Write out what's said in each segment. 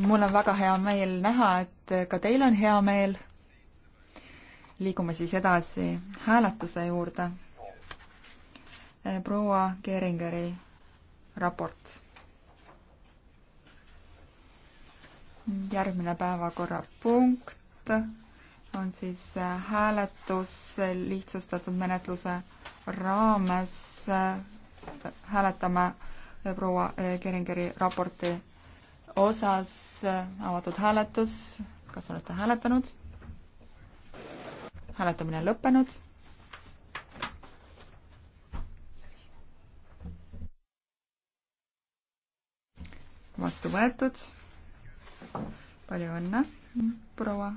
mul on väga hea meel näha, et ka teil on hea meel. liigume siis edasi hääletuse juurde. Eh, proua Keringeri raport. järgmine päevakorrapunkt on siis eh, hääletus lihtsustatud menetluse raames. Eh, hääletame proua Keringeri raporti osas äh, avatud hääletus, kas olete hääletanud? hääletamine on lõppenud. vastu võetud. palju õnne, proua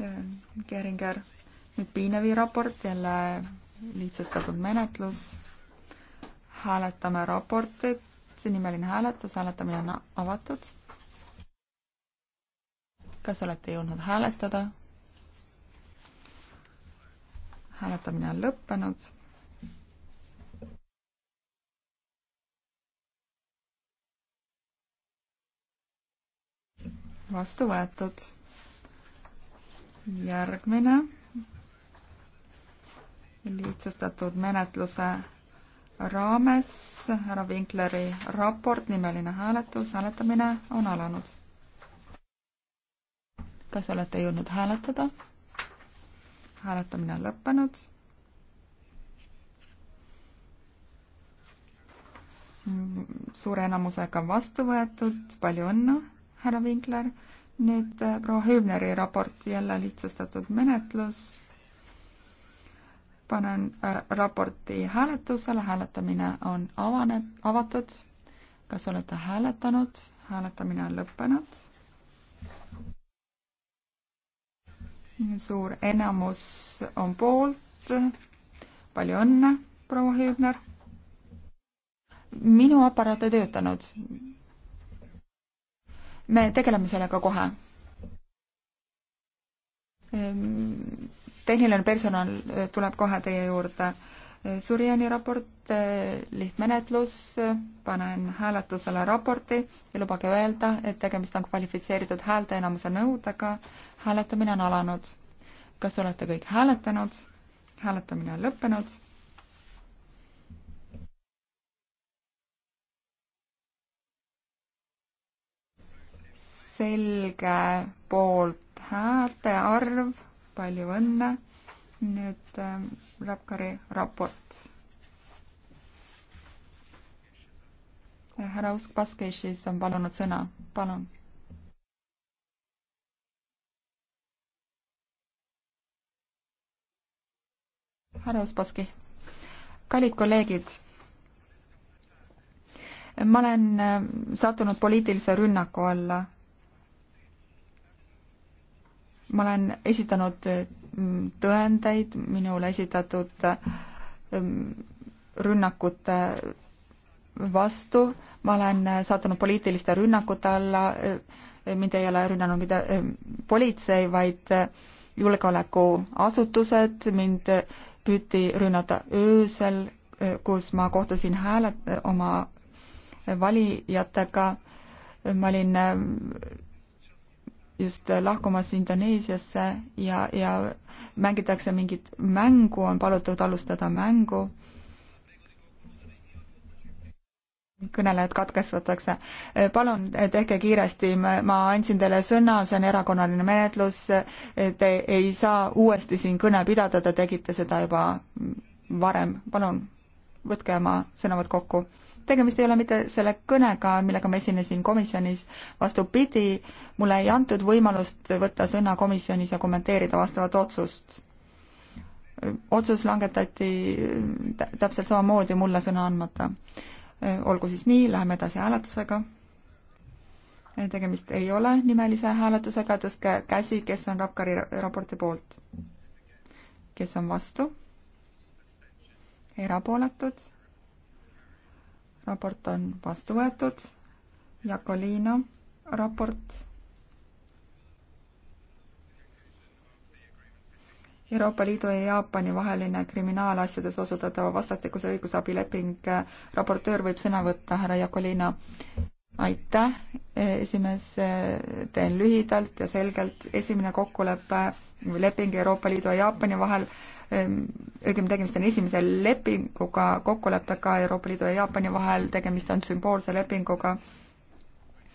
äh, Keringer. nüüd Piinevi raport, jälle lihtsustatud menetlus. hääletame raportit see nimeline hääletus, hääletamine on avatud. kas olete jõudnud hääletada? hääletamine on lõppenud. vastu võetud. järgmine lihtsustatud menetluse raames härra Vinkleri raport, nimeline hääletus, hääletamine on alanud. kas olete jõudnud hääletada? hääletamine on lõppenud. suure enamusega vastu võetud, palju õnne, härra Vinkler. nüüd proua Hübneri raport, jälle lihtsustatud menetlus panen äh, raporti hääletusele, hääletamine on avane, avatud. kas olete hääletanud? hääletamine on lõppenud. suur enamus on poolt. palju õnne, proua Hüübner. minu aparaat ei töötanud. me tegeleme sellega kohe ehm, tehniline personal äh, tuleb kohe teie juurde. Surjani raport, äh, lihtmenetlus, äh, panen hääletusele raporti ja lubage öelda, et tegemist on kvalifitseeritud häälteenamuse nõudega. hääletamine on alanud. kas olete kõik hääletanud? hääletamine on lõppenud. selge poolt häälte arv palju õnne. nüüd ähm, Rapkari raport. härra Usk Paskešis on palunud sõna, palun härra Uspaski. kallid kolleegid, ma olen ähm, sattunud poliitilise rünnaku alla ma olen esitanud äh, tõendeid minule esitatud äh, rünnakute vastu, ma olen äh, sattunud poliitiliste rünnakute alla, mind ei ole rünnanud mitte politsei, vaid julgeolekuasutused, mind püüti rünnata öösel, kus ma kohtusin hääle-, oma valijatega, ma olin just lahkumas Indoneesiasse ja, ja mängitakse mingit mängu, on palutud alustada mängu. kõnelejad katkestatakse. palun tehke kiiresti, ma andsin teile sõna, see on erakonnaline menetlus, te ei saa uuesti siin kõne pidada, te tegite seda juba varem, palun võtke oma sõnavõtt kokku tegemist ei ole mitte selle kõnega, millega ma esinesin komisjonis, vastupidi, mulle ei antud võimalust võtta sõna komisjonis ja kommenteerida vastavat otsust. otsus langetati täpselt samamoodi mulle sõna andmata. olgu siis nii, läheme edasi hääletusega. tegemist ei ole nimelise hääletusega, tõstke käsi, kes on Rapkari raporti poolt. kes on vastu? erapooletud raport on vastu võetud. Jakolino raport. Euroopa Liidu ja Jaapani vaheline kriminaalasjades osutatava vastastikuse õigusabileping. raportöör võib sõna võtta, härra Jakolino. aitäh, esimees, teen lühidalt ja selgelt. esimene kokkulepe, leping Euroopa Liidu ja Jaapani vahel Ehm, õigemini tegemist on esimese lepinguga, kokkuleppega Euroopa Liidu ja Jaapani vahel, tegemist on sümboolse lepinguga,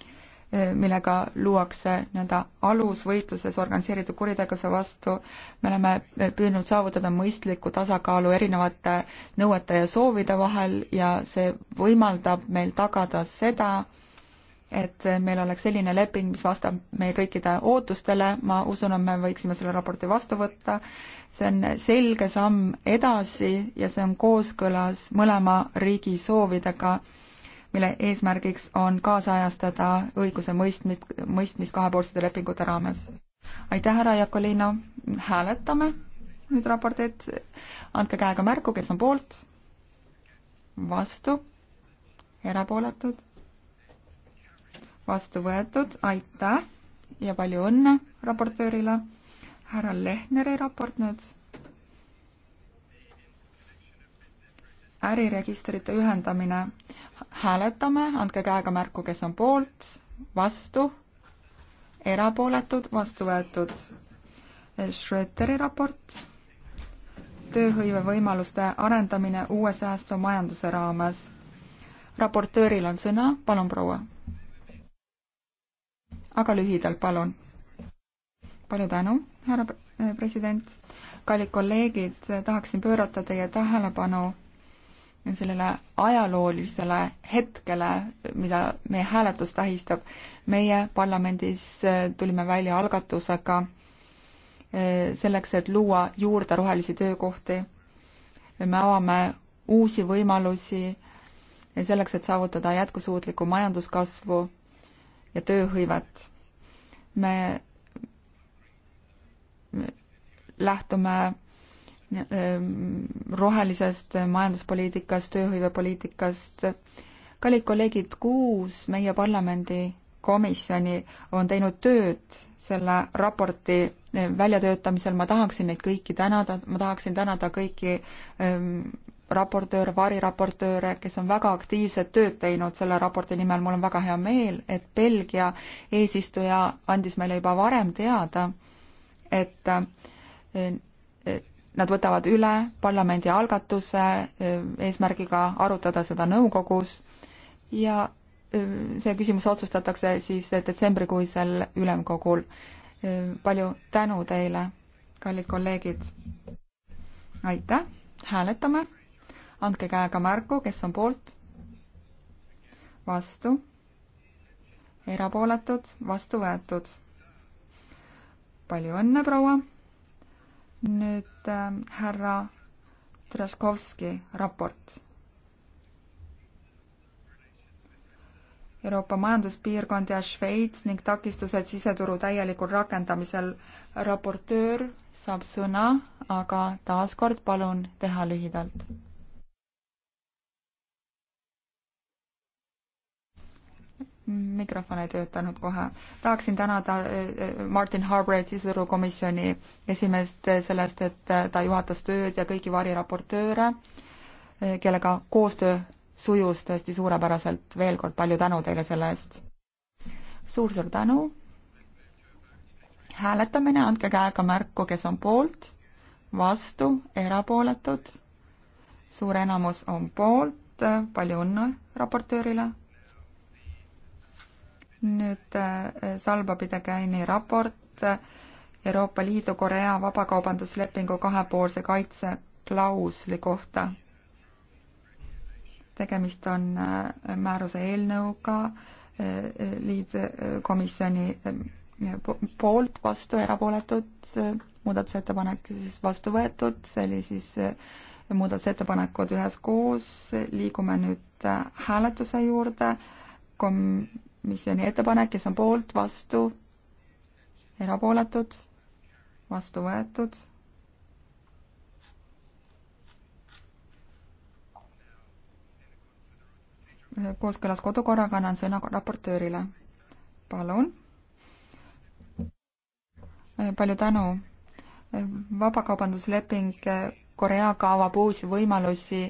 ehm, millega luuakse nii-öelda alus võitluses organiseeritud kuritegevuse vastu. me oleme eh, püüdnud saavutada mõistlikku tasakaalu erinevate nõuete ja soovide vahel ja see võimaldab meil tagada seda, et meil oleks selline leping, mis vastab meie kõikide ootustele, ma usun, et me võiksime selle raporti vastu võtta, see on selge samm edasi ja see on kooskõlas mõlema riigi soovidega, mille eesmärgiks on kaasajastada õiguse mõistmist, mõistmist kahepoolsete lepingute raames. aitäh, härra Jakolino, hääletame nüüd raportit, andke käega märku, kes on poolt, vastu, erapooletud vastu võetud, aitäh ja palju õnne raportöörile. härra Lehneri raport nüüd. äriregistrite ühendamine. hääletame, andke käega märku, kes on poolt, vastu, erapooletud, vastu võetud. Schröteri raport. tööhõivevõimaluste arendamine uue säästva majanduse raames. raportööril on sõna, palun proua aga lühidalt, palun. palju tänu, härra eh, president. kallid kolleegid, tahaksin pöörata teie tähelepanu sellele ajaloolisele hetkele, mida meie hääletus tähistab. meie parlamendis eh, tulime välja algatusega eh, selleks, et luua juurde rohelisi töökohti. me avame uusi võimalusi selleks, et saavutada jätkusuutlikku majanduskasvu ja tööhõivet. me lähtume ähm, rohelisest majanduspoliitikast, tööhõivepoliitikast. kallid kolleegid, kuus meie parlamendi komisjoni on teinud tööd selle raporti äh, väljatöötamisel, ma tahaksin neid kõiki tänada, ma tahaksin tänada kõiki ähm, raportööre, variraportööre, kes on väga aktiivset tööd teinud selle raporti nimel, mul on väga hea meel, et Belgia eesistuja andis meile juba varem teada, et nad võtavad üle parlamendi algatuse e, eesmärgiga arutada seda nõukogus ja e, see küsimus otsustatakse siis detsembrikuisel ülemkogul. E, palju tänu teile, kallid kolleegid! aitäh, hääletame! andke käega märku, kes on poolt, vastu, erapooletud, vastu võetud. palju õnne, proua. nüüd äh, härra Traskovski raport. Euroopa Majanduspiirkond ja Šveits ning takistused siseturu täielikul rakendamisel. raportöör saab sõna, aga taaskord palun teha lühidalt mikrofon ei töötanud kohe. tahaksin tänada äh, äh, Martin Harbreid, siseturukomisjoni esimeest äh, sellest, et ta juhatas tööd ja kõiki variraportööre, kellega koostöö sujus tõesti suurepäraselt. veel kord palju tänu teile selle eest suur,. suur-suur tänu. hääletamine, andke käega märku, kes on poolt, vastu, erapooletud. suur enamus on poolt, palju õnne raportöörile nüüd äh, Salba Pidekäini raport äh, Euroopa Liidu Korea vabakaubanduslepingu kahepoolse kaitse klausli kohta. tegemist on äh, määruse eelnõuga liid komisjoni poolt vastu, erapooletud muudatusettepanek siis vastu võetud, see oli siis muudatusettepanekud üheskoos, liigume nüüd hääletuse juurde, kom-, komisjoni ettepanek, kes on poolt, vastu, erapooletud, vastu võetud. kooskõlas kodukorraga annan sõna raportöörile. palun. palju tänu. vabakaubandusleping Koreaga avab uusi võimalusi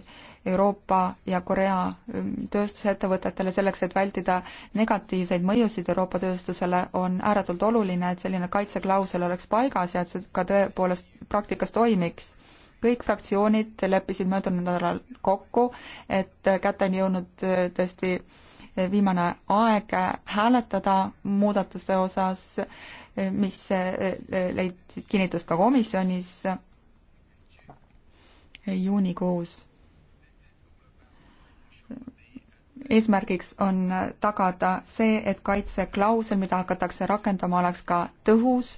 Euroopa ja Korea ähm, tööstusettevõtetele selleks, et vältida negatiivseid mõjusid Euroopa tööstusele, on ääretult oluline, et selline kaitseklausel oleks paigas ja et see ka tõepoolest praktikas toimiks. kõik fraktsioonid leppisid möödunud nädalal kokku, et kätte on jõudnud äh, tõesti äh, viimane aeg äh, hääletada muudatuste osas, mis leidsid kinnitust ka komisjonis juunikuus eesmärgiks on tagada see, et kaitseklausel, mida hakatakse rakendama, oleks ka tõhus,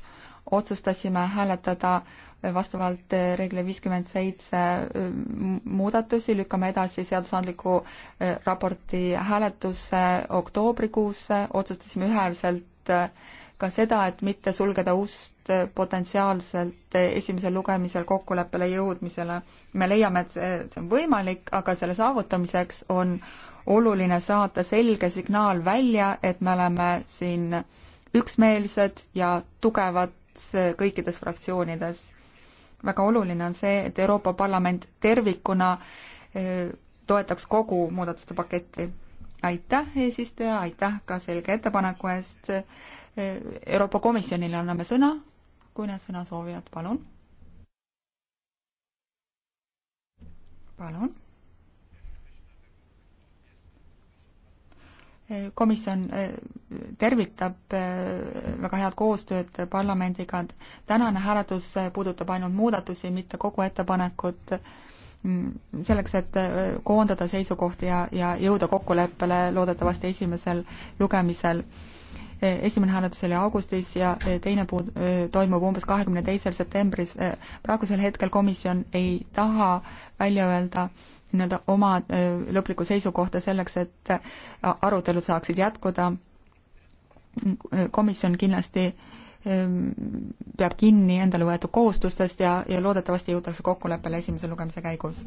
otsustasime hääletada vastavalt reegle viiskümmend seitse muudatusi, lükkame edasi seadusandliku e, raporti hääletusse oktoobrikuusse, otsustasime ühehäälselt e, ka seda, et mitte sulgeda ust potentsiaalselt esimesel lugemisel kokkuleppele jõudmisele. me leiame, et see on võimalik, aga selle saavutamiseks on oluline saata selge signaal välja, et me oleme siin üksmeelsed ja tugevad kõikides fraktsioonides. väga oluline on see, et Euroopa Parlament tervikuna e, toetaks kogu muudatuste paketti. aitäh, eesistuja, aitäh ka selge ettepaneku eest. E, Euroopa Komisjonile anname sõna, kui need sõnasoovijad, palun. palun komisjon eh, tervitab eh, väga head koostööd parlamendiga. tänane hääletus eh, puudutab ainult muudatusi, mitte kogu ettepanekut, mm, selleks, et koondada seisukohti ja, ja jõuda kokkuleppele loodetavasti esimesel lugemisel. esimene hääletus oli augustis ja teine puu-, toimub umbes kahekümne teisel septembris. praegusel hetkel komisjon ei taha välja öelda äh, nii-öelda oma äh, lõplikku seisukohta selleks, et äh, arutelud saaksid jätkuda. komisjon kindlasti ähm, peab kinni endale võetud kohustustest ja, ja loodetavasti jõutakse kokkuleppele esimese lugemise käigus.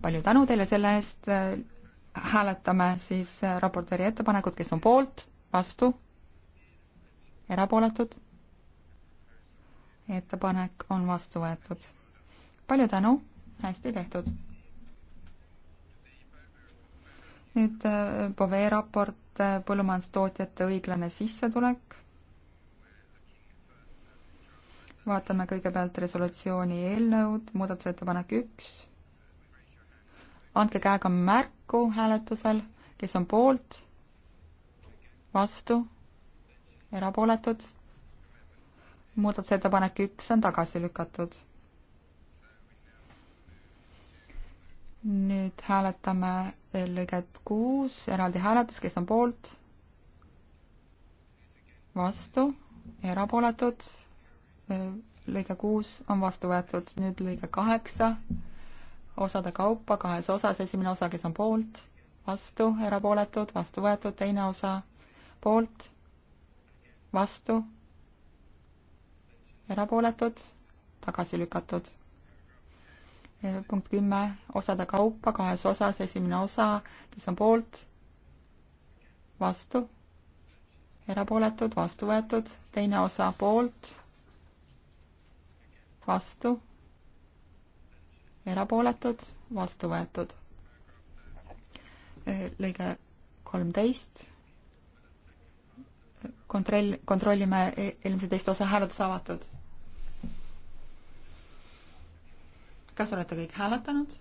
palju tänu teile selle eest, hääletame siis äh, raportööri ettepanekut, kes on poolt, vastu, erapooletud, ettepanek on vastu võetud. palju tänu, hästi tehtud! nüüd äh, Bovee raport, äh, põllumajandustootjate õiglane sissetulek. vaatame kõigepealt resolutsiooni eelnõud, muudatusettepanek üks. andke käega märku hääletusel, kes on poolt, vastu, erapooletud. muudatusettepanek üks on tagasi lükatud nüüd hääletame veel lõiget kuus, eraldi hääletus, kes on poolt, vastu, erapooletud, lõige kuus on vastu võetud, nüüd lõige kaheksa, osade kaupa kahes osas, esimene osa, kes on poolt, vastu, erapooletud, vastu võetud, teine osa, poolt, vastu, erapooletud, tagasi lükatud punkt kümme, osade kaupa kahes osas, esimene osa, kes on poolt, vastu, erapooletud, vastu võetud, teine osa poolt, vastu, erapooletud, vastu võetud. Äh, lõige kolmteist. kontroll, kontrollime e, eelmise teist osa hääletus avatud kas olete kõik hääletanud?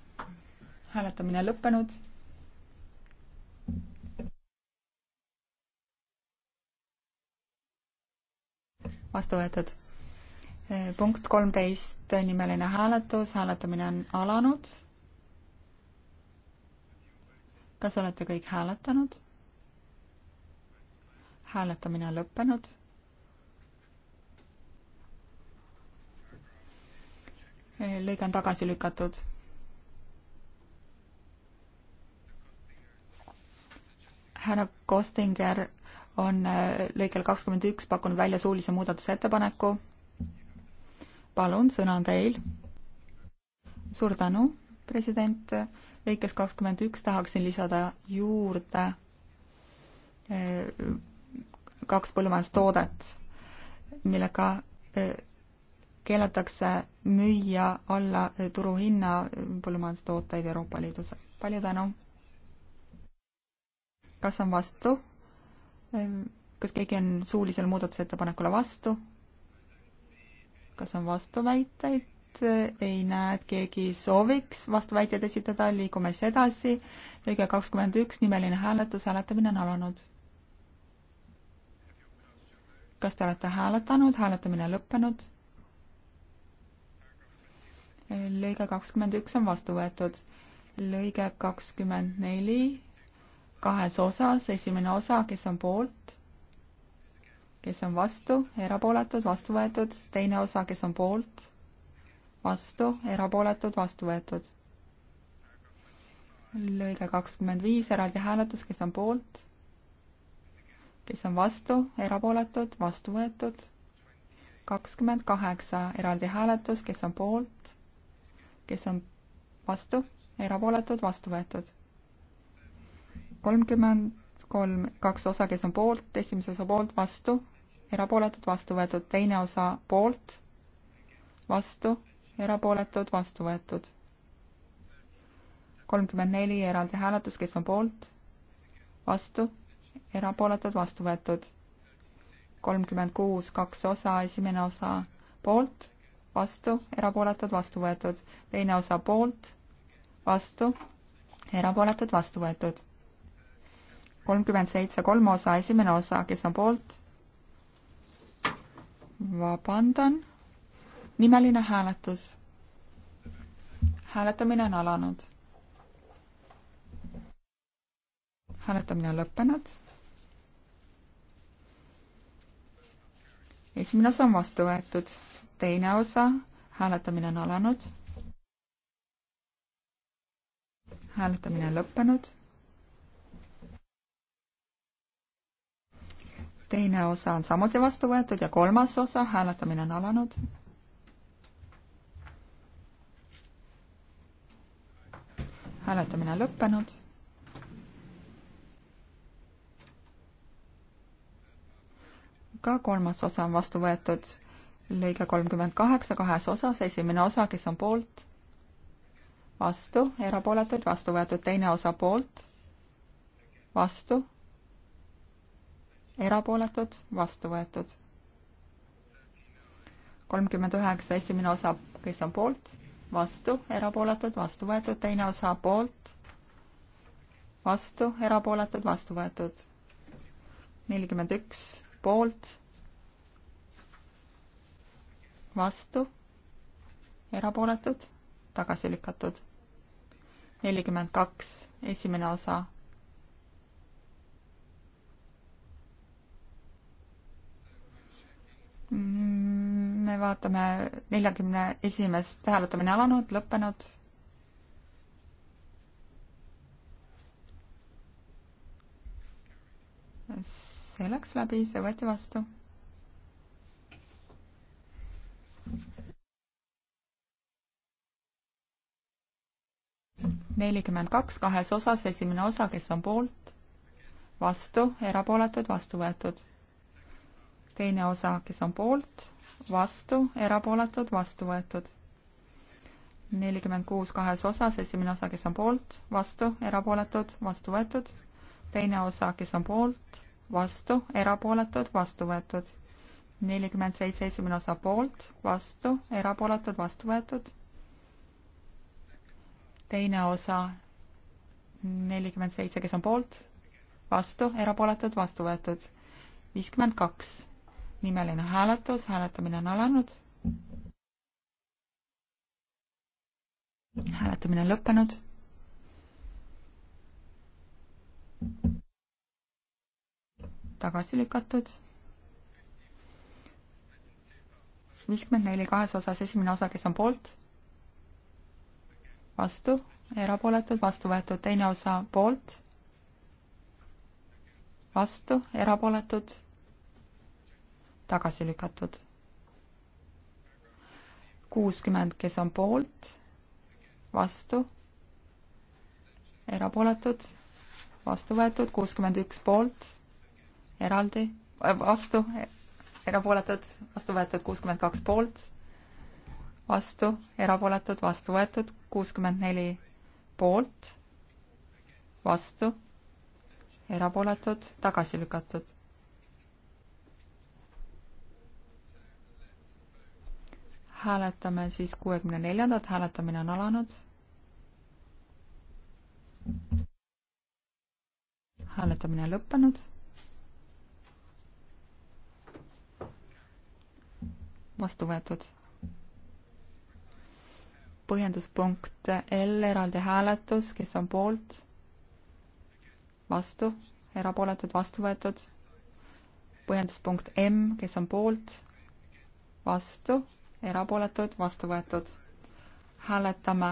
hääletamine lõppenud. vastu võetud. E, punkt kolmteist, nimeline hääletus, hääletamine on alanud. kas olete kõik hääletanud? hääletamine on lõppenud lõige on tagasi lükatud. härra Kostinger on äh, lõikel kakskümmend üks pakkunud välja suulise muudatusettepaneku. palun, sõna on teil. suur tänu, president. lõikes kakskümmend üks tahaksin lisada juurde äh, kaks põllumajandustoodet, millega äh, keelatakse müüa alla turuhinna põllumajandustooteid Euroopa Liidus. palju tänu! kas on vastu? kas keegi on suulisele muudatusettepanekule vastu? kas on vastuväiteid? ei näe, et keegi sooviks vastuväiteid esitada, liigume siis edasi. lõige kakskümmend üks, nimeline hääletus, hääletamine on alanud. kas te olete hääletanud, hääletamine lõppenud? lõige kakskümmend üks on vastu võetud. lõige kakskümmend neli kahes osas, esimene osa, kes on poolt, kes on vastu, erapooletud, vastu võetud, teine osa, kes on poolt, vastu, erapooletud, vastu võetud. lõige kakskümmend viis, eraldi hääletus, kes on poolt, kes on vastu, erapooletud, vastu võetud kakskümmend kaheksa eraldi hääletus, kes on poolt, kes on vastu, erapooletud, vastu võetud. kolmkümmend kolm, kaks osa, kes on poolt, esimese osa poolt, vastu, erapooletud, vastu võetud, teine osa poolt, vastu, erapooletud, vastu võetud. kolmkümmend neli eraldi hääletus, kes on poolt, vastu, erapooletud, vastu võetud. kolmkümmend kuus, kaks osa, esimene osa poolt, vastu, erapooletud, vastu võetud. teine osa poolt, vastu, erapooletud, vastu võetud. kolmkümmend seitse, kolm osa, esimene osa, kes on poolt? vabandan. nimeline hääletus. hääletamine on alanud. hääletamine on lõppenud. esimene osa on vastu võetud teine osa, hääletamine on alanud. hääletamine on lõppenud. teine osa on samuti vastu võetud ja kolmas osa, hääletamine on alanud. hääletamine on lõppenud. ka kolmas osa on vastu võetud lõige kolmkümmend kaheksa kahes osas, esimene osa, kes on poolt, vastu, erapooletuid, vastu võetud, teine osa poolt, vastu, erapooletud, vastu võetud. kolmkümmend üheksa, esimene osa, kes on poolt, vastu, erapooletud, vastu võetud, teine osa poolt, vastu, erapooletud, vastu võetud. nelikümmend üks poolt vastu, erapooletud, tagasi lükatud. nelikümmend kaks, esimene osa. Mm, me vaatame neljakümne esimest hääletamine alanud, lõppenud see läks läbi, see võeti vastu nelikümmend kaks kahes osas, esimene osa, kes on poolt, vastu, erapooletud, vastu võetud. teine osa, kes on poolt, vastu, erapooletud, vastu võetud. nelikümmend kuus kahes osas, esimene osa, kes on poolt, vastu, erapooletud, vastu võetud. teine osa, kes on poolt, vastu, erapooletud, vastu võetud. nelikümmend seitse, esimene osa poolt, vastu, erapooletud, vastu võetud teine osa nelikümmend seitse, kes on poolt, vastu, erapooletud, vastu võetud. viiskümmend kaks, nimeline hääletus, hääletamine on alanud. hääletamine on lõppenud. tagasi lükatud. viiskümmend neli kahes osas, esimene osa, kes on poolt vastu, erapooletud, vastu võetud, teine osa poolt, vastu, erapooletud, tagasi lükatud. kuuskümmend, kes on poolt, vastu, erapooletud, vastu võetud, kuuskümmend üks poolt, eraldi, vastu, erapooletud, vastu võetud, kuuskümmend kaks poolt vastu, erapooletud, vastu võetud, kuuskümmend neli poolt, vastu, erapooletud, tagasi lükatud. hääletame siis kuuekümne neljandat, hääletamine on alanud. hääletamine on lõppenud. vastu võetud põhjenduspunkt L, eraldi hääletus, kes on poolt, vastu, erapooletud, vastu võetud. põhjenduspunkt M, kes on poolt, vastu, erapooletud, vastu võetud. hääletame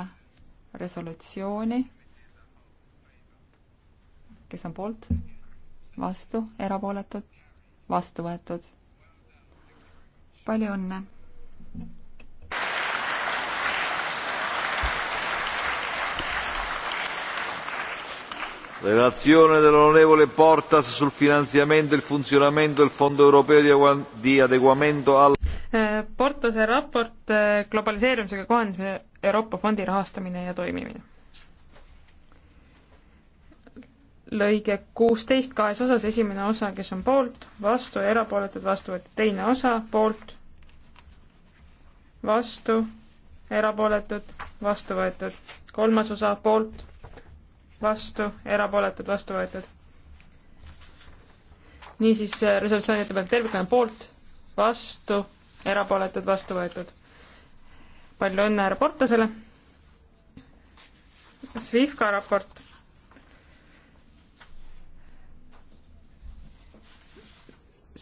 resolutsiooni. kes on poolt, vastu, erapooletud, vastu võetud. palju õnne Relazione dell'onorevole Portas sul finanziamento e il funzionamento del Fondo europeo di adeguamento al eh, Portase raport eh, globaliseerumisega kohanemise Euroopa Fondi rahastamine ja toimimine. lõige kuusteist kahes osas, esimene osa, kes on poolt, vastu ja erapooletud, vastu võetud, teine osa, poolt, vastu, erapooletud, vastu võetud, kolmas osa, poolt vastu, erapooletud, vastu võetud. niisiis resolutsiooni ettepanek tervikuna poolt, vastu, erapooletud, vastu võetud. palju õnne härra Portasele. Svifka raport.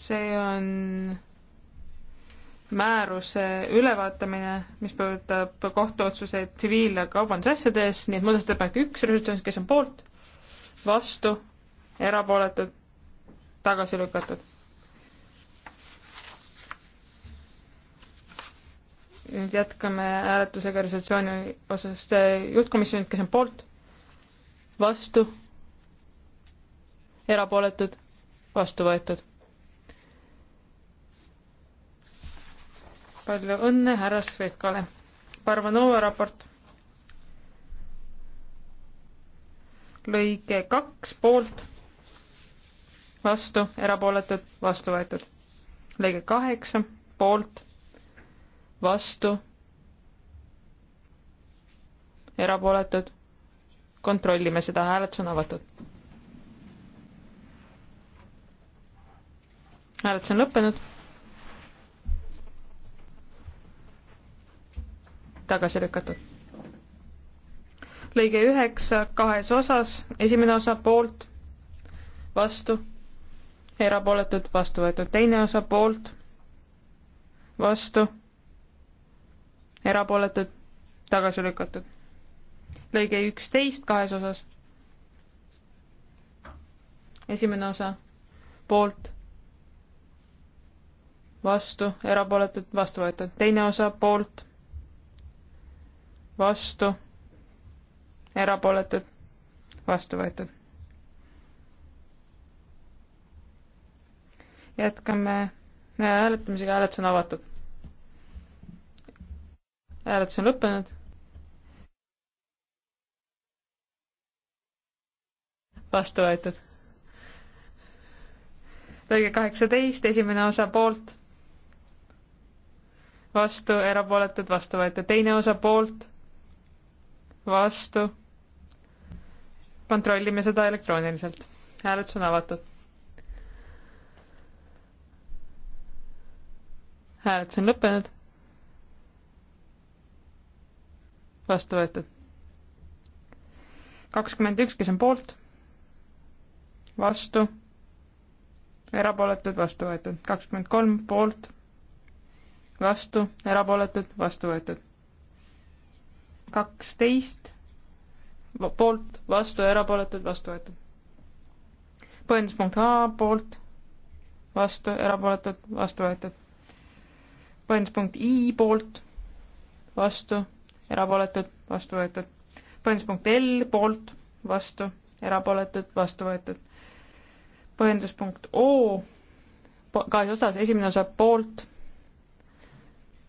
see on määruse ülevaatamine, mis puudutab kohtuotsuseid tsiviil- ja kaubandusasjades, nii et muudatusettepanek üks resolutsioonis, kes on poolt, vastu, erapooletud, tagasi lükatud. nüüd jätkame hääletusega resolutsiooni osas juhtkomisjonid, kes on poolt, vastu, erapooletud, vastu võetud palju õnne härra Svetkale. Parvanova raport. lõige kaks poolt, vastu, erapooletud, vastu võetud. lõige kaheksa poolt, vastu, erapooletud. kontrollime seda, hääletus on avatud. hääletus on lõppenud tagasi lükatud. lõige üheksa kahes osas, esimene osa poolt, vastu, erapooletud, vastu võetud, teine osa poolt, vastu, erapooletud, tagasi lükatud. lõige üksteist kahes osas. esimene osa poolt, vastu, erapooletud, vastu võetud, teine osa poolt vastu, erapooletud, vastu võetud. jätkame hääletamisega, hääletus on avatud. hääletus on lõppenud. vastu võetud. lõige kaheksateist, esimene osa poolt, vastu, erapooletud, vastu võetud, teine osa poolt vastu. kontrollime seda elektrooniliselt. hääletus on avatud. hääletus on lõppenud. vastu võetud. kakskümmend üks, kes on poolt, vastu, erapooletud, vastu võetud. kakskümmend kolm poolt, vastu, erapooletud, vastu võetud kaksteist poolt, vastu, erapooletud, vastu võetud. põhjenduspunkt A poolt, vastu, erapooletud, vastu võetud. põhjenduspunkt I poolt, vastu, erapooletud, vastu võetud. põhjenduspunkt L poolt, vastu, erapooletud, vastu võetud. põhjenduspunkt O kahes osas, esimene osa poolt,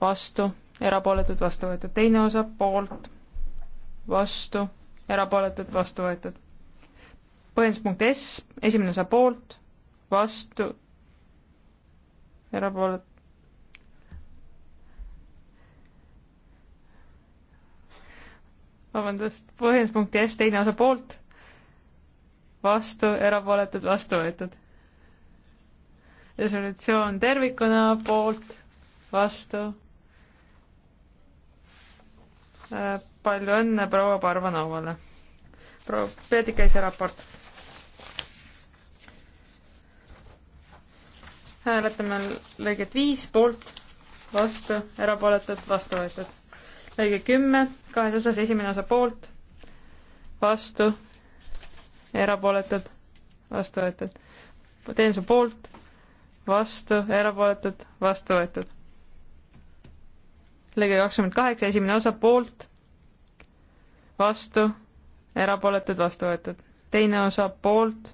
vastu erapooletud, vastu võetud, teine osa poolt, vastu, erapooletud, vastu võetud. põhjenduspunkt S, esimene osa poolt, vastu, erapoolet-. vabandust, põhjenduspunkti S teine osa poolt, vastu, erapooletud, vastu võetud. resolutsioon tervikuna poolt, vastu palju õnne proua Parvanovale. proua Peedikäise raport. hääletame lõiget viis poolt, vastu, erapooletud, vastu võetud. lõige kümme, kahes osas esimene osa poolt, vastu, erapooletud, vastu võetud. teenuse poolt, vastu, erapooletud, vastu võetud lõige kakskümmend kaheksa, esimene osa poolt, vastu, erapooletud, vastu võetud. teine osa poolt,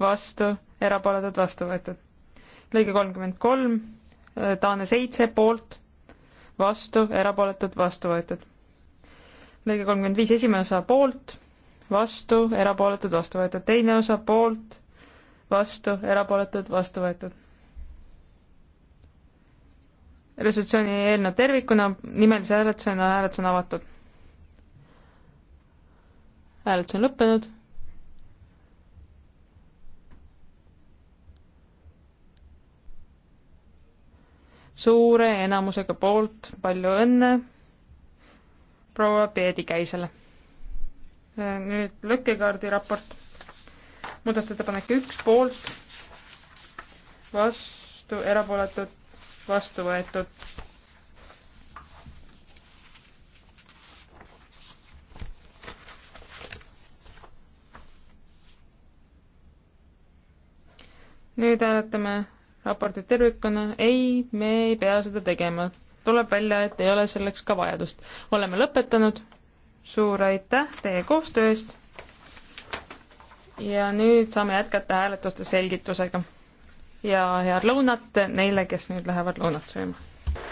vastu, erapooletud, vastu võetud. lõige kolmkümmend kolm, Taane seitse poolt, vastu, erapooletud, vastu võetud. lõige kolmkümmend viis, esimene osa poolt, vastu, erapooletud, vastu võetud. teine osa poolt, vastu, erapooletud, vastu võetud resolutsiooni eelnõu tervikuna, nimelise hääletusena hääletus on avatud. hääletus on lõppenud. suure enamusega poolt, palju õnne proua Peedi Käisele. nüüd lõkkekaardi raport. muudatusettepanek üks poolt, vastu erapooletud vastu võetud. nüüd hääletame raportit tervikuna. ei, me ei pea seda tegema. tuleb välja, et ei ole selleks ka vajadust. oleme lõpetanud. suur aitäh teie koostöö eest. ja nüüd saame jätkata hääletuste selgitusega ja head lõunat neile, kes nüüd lähevad lõunat sööma.